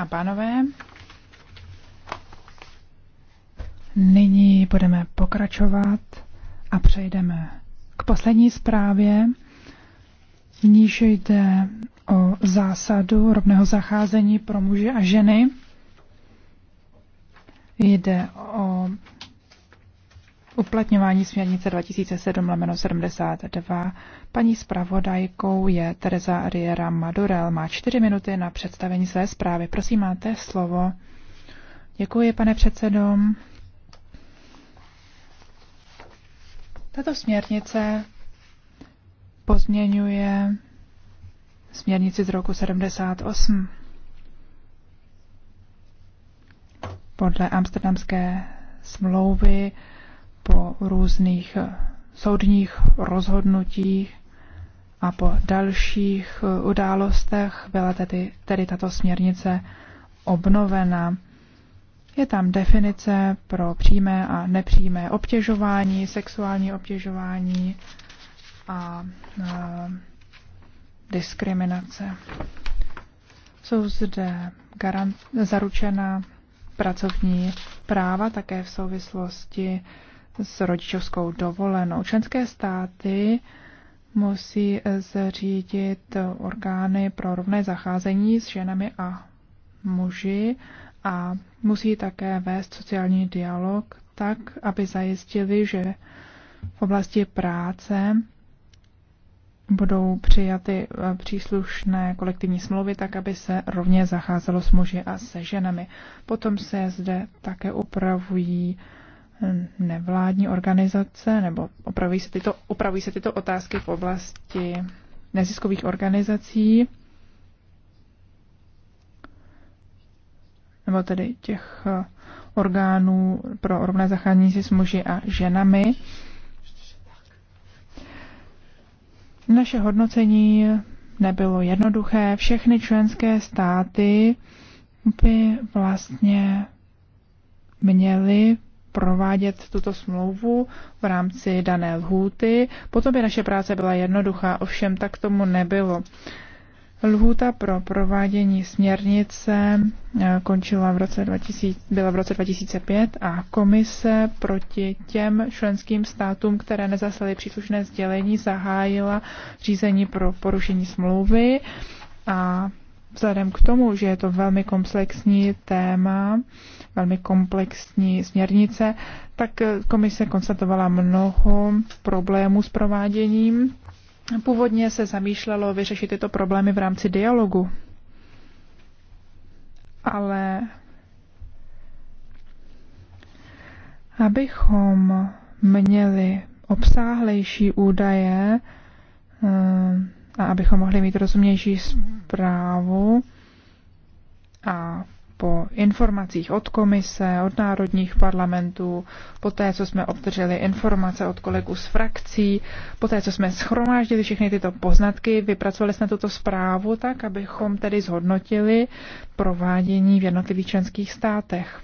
a pánové, nyní budeme pokračovat a přejdeme k poslední zprávě. V níž jde o zásadu rovného zacházení pro muže a ženy. Jde o uplatňování směrnice 2007-72. Paní zpravodajkou je Teresa Riera Madurel. Má čtyři minuty na představení své zprávy. Prosím, máte slovo. Děkuji, pane předsedo. Tato směrnice pozměňuje směrnici z roku 78. Podle amsterdamské smlouvy po různých eh, soudních rozhodnutích a po dalších eh, událostech byla tedy, tedy tato směrnice obnovena. Je tam definice pro přímé a nepřímé obtěžování, sexuální obtěžování a e, diskriminace. Jsou zde garant, zaručena pracovní práva také v souvislosti s rodičovskou dovolenou. Členské státy musí zřídit orgány pro rovné zacházení s ženami a muži a musí také vést sociální dialog tak, aby zajistili, že v oblasti práce budou přijaty eh, příslušné kolektivní smlouvy tak, aby se rovně zacházelo s muži a se ženami. Potom se zde také upravují nevládní organizace, nebo opravují se tyto, opravují se tyto otázky v oblasti neziskových organizací, nebo tedy těch eh, orgánů pro rovné zacházení si s muži a ženami. Naše hodnocení nebylo jednoduché. Všechny členské státy by vlastně měly provádět tuto smlouvu v rámci dané lhůty. Potom by naše práce byla jednoduchá, ovšem tak tomu nebylo. Lhůta pro provádění směrnice eh, končila v roce 2000, byla v roce 2005 a komise proti těm členským státům, které nezaslaly příslušné sdělení, zahájila řízení pro porušení smlouvy a vzhledem k tomu, že je to velmi komplexní téma, velmi komplexní směrnice, tak komise konstatovala mnoho problémů s prováděním. Původně se zamýšlelo vyřešit tyto problémy v rámci dialogu, ale abychom měli obsáhlejší údaje, eh, a abychom mohli mít rozumnější zprávu a po informacích od komise, od národních parlamentů, po té, co jsme obdrželi informace od kolegů z frakcí, po té, co jsme schromáždili všechny tyto poznatky, vypracovali jsme tuto zprávu tak, abychom tedy zhodnotili provádění v jednotlivých členských státech.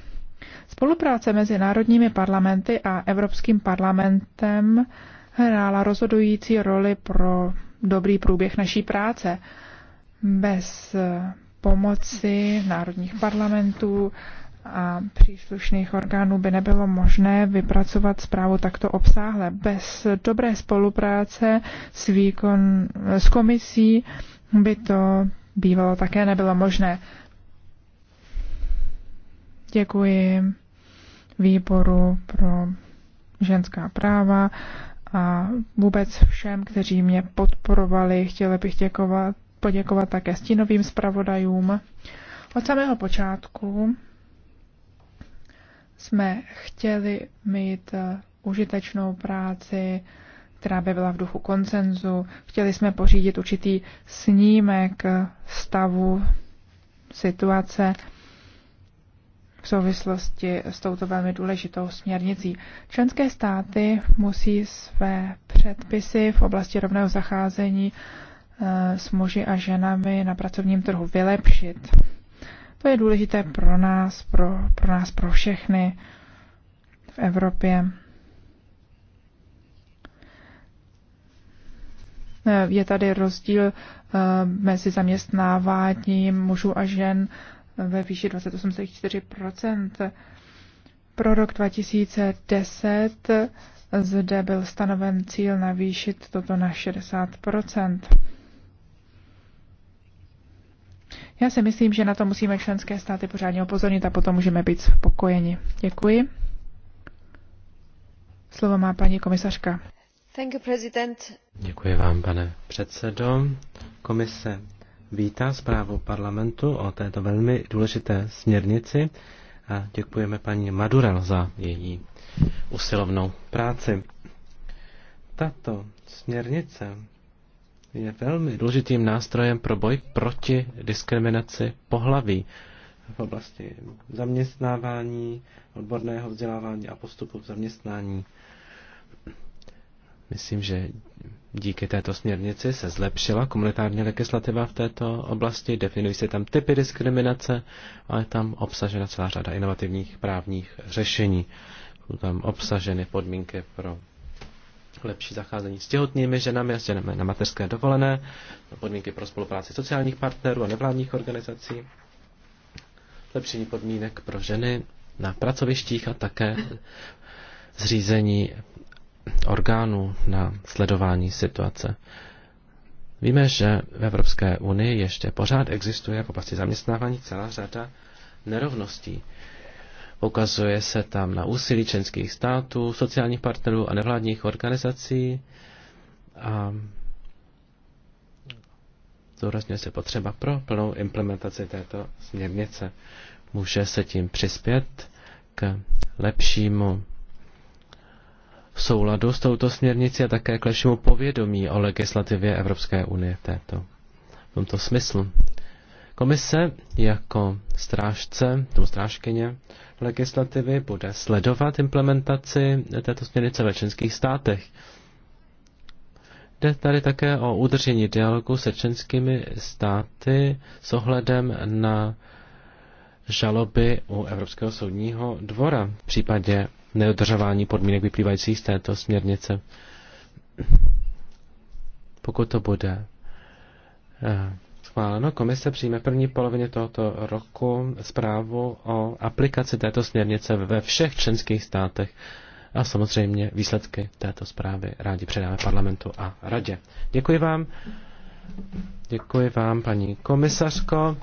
Spolupráce mezi národními parlamenty a Evropským parlamentem hrála rozhodující roli pro dobrý průběh naší práce. Bez eh, pomoci národních parlamentů a příslušných orgánů by nebylo možné vypracovat zprávu takto obsáhle. Bez dobré spolupráce s, výkon, eh, s komisí by to bývalo také nebylo možné. Děkuji výboru pro ženská práva a vůbec všem, kteří mě podporovali. Chtěla bych děkovat, poděkovat také stínovým zpravodajům. Od samého počátku jsme chtěli mít eh, užitečnou práci, která by byla v duchu koncenzu. Chtěli jsme pořídit určitý snímek eh, stavu situace v souvislosti s touto velmi důležitou směrnicí. Členské státy musí své předpisy v oblasti rovného zacházení eh, s muži a ženami na pracovním trhu vylepšit. To je důležité pro nás, pro, pro nás, pro všechny v Evropě. Eh, je tady rozdíl eh, mezi zaměstnáváním mužů a žen ve výši 28,4 Pro rok 2010 zde byl stanoven cíl navýšit toto na 60 Já si myslím, že na to musíme členské státy pořádně upozornit a potom můžeme být spokojeni. Děkuji. Slovo má paní komisařka. Thank you, president. Děkuji vám, pane předsedo. Komise vítá zprávu parlamentu o této velmi důležité směrnici a děkujeme paní Madurel za její usilovnou práci. Tato směrnice je velmi důležitým nástrojem pro boj proti diskriminaci pohlaví v oblasti zaměstnávání, odborného vzdělávání a postupu v zaměstnání. Myslím, že Díky této směrnici se zlepšila komunitární legislativa v této oblasti, definují se tam typy diskriminace, ale je tam obsažena celá řada inovativních právních řešení. Jsou tam obsaženy podmínky pro lepší zacházení s těhotnými ženami a s ženami na mateřské dovolené, podmínky pro spolupráci sociálních partnerů a nevládních organizací, zlepšení podmínek pro ženy na pracovištích a také zřízení orgánů na sledování situace. Víme, že v Evropské unii ještě pořád existuje v oblasti zaměstnávání celá řada nerovností. Ukazuje se tam na úsilí členských států, sociálních partnerů a nevládních organizací a zdůrazňuje se potřeba pro plnou implementaci této směrnice. Může se tím přispět k lepšímu v souladu s touto směrnicí a také k lepšímu povědomí o legislativě Evropské unie této, v tomto smyslu. Komise jako strážce tomu strážkyně legislativy bude sledovat implementaci této směrnice ve členských státech. Jde tady také o udržení dialogu se členskými státy s ohledem na žaloby u Evropského soudního dvora v případě nedodržování podmínek vyplývajících z této směrnice. Pokud to bude eh, schváleno, komise přijme první polovině tohoto roku zprávu o aplikaci této směrnice ve všech členských státech a samozřejmě výsledky této zprávy rádi předáme parlamentu a radě. Děkuji vám. Děkuji vám, paní komisařko.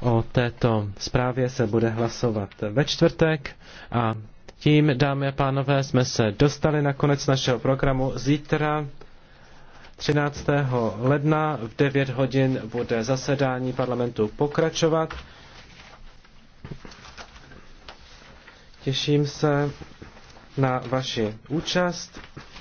O této zprávě se bude hlasovat ve čtvrtek a tím, dámy a pánové, jsme se dostali na konec našeho programu. Zítra 13. ledna v 9 hodin bude zasedání parlamentu pokračovat. Těším se na vaši účast.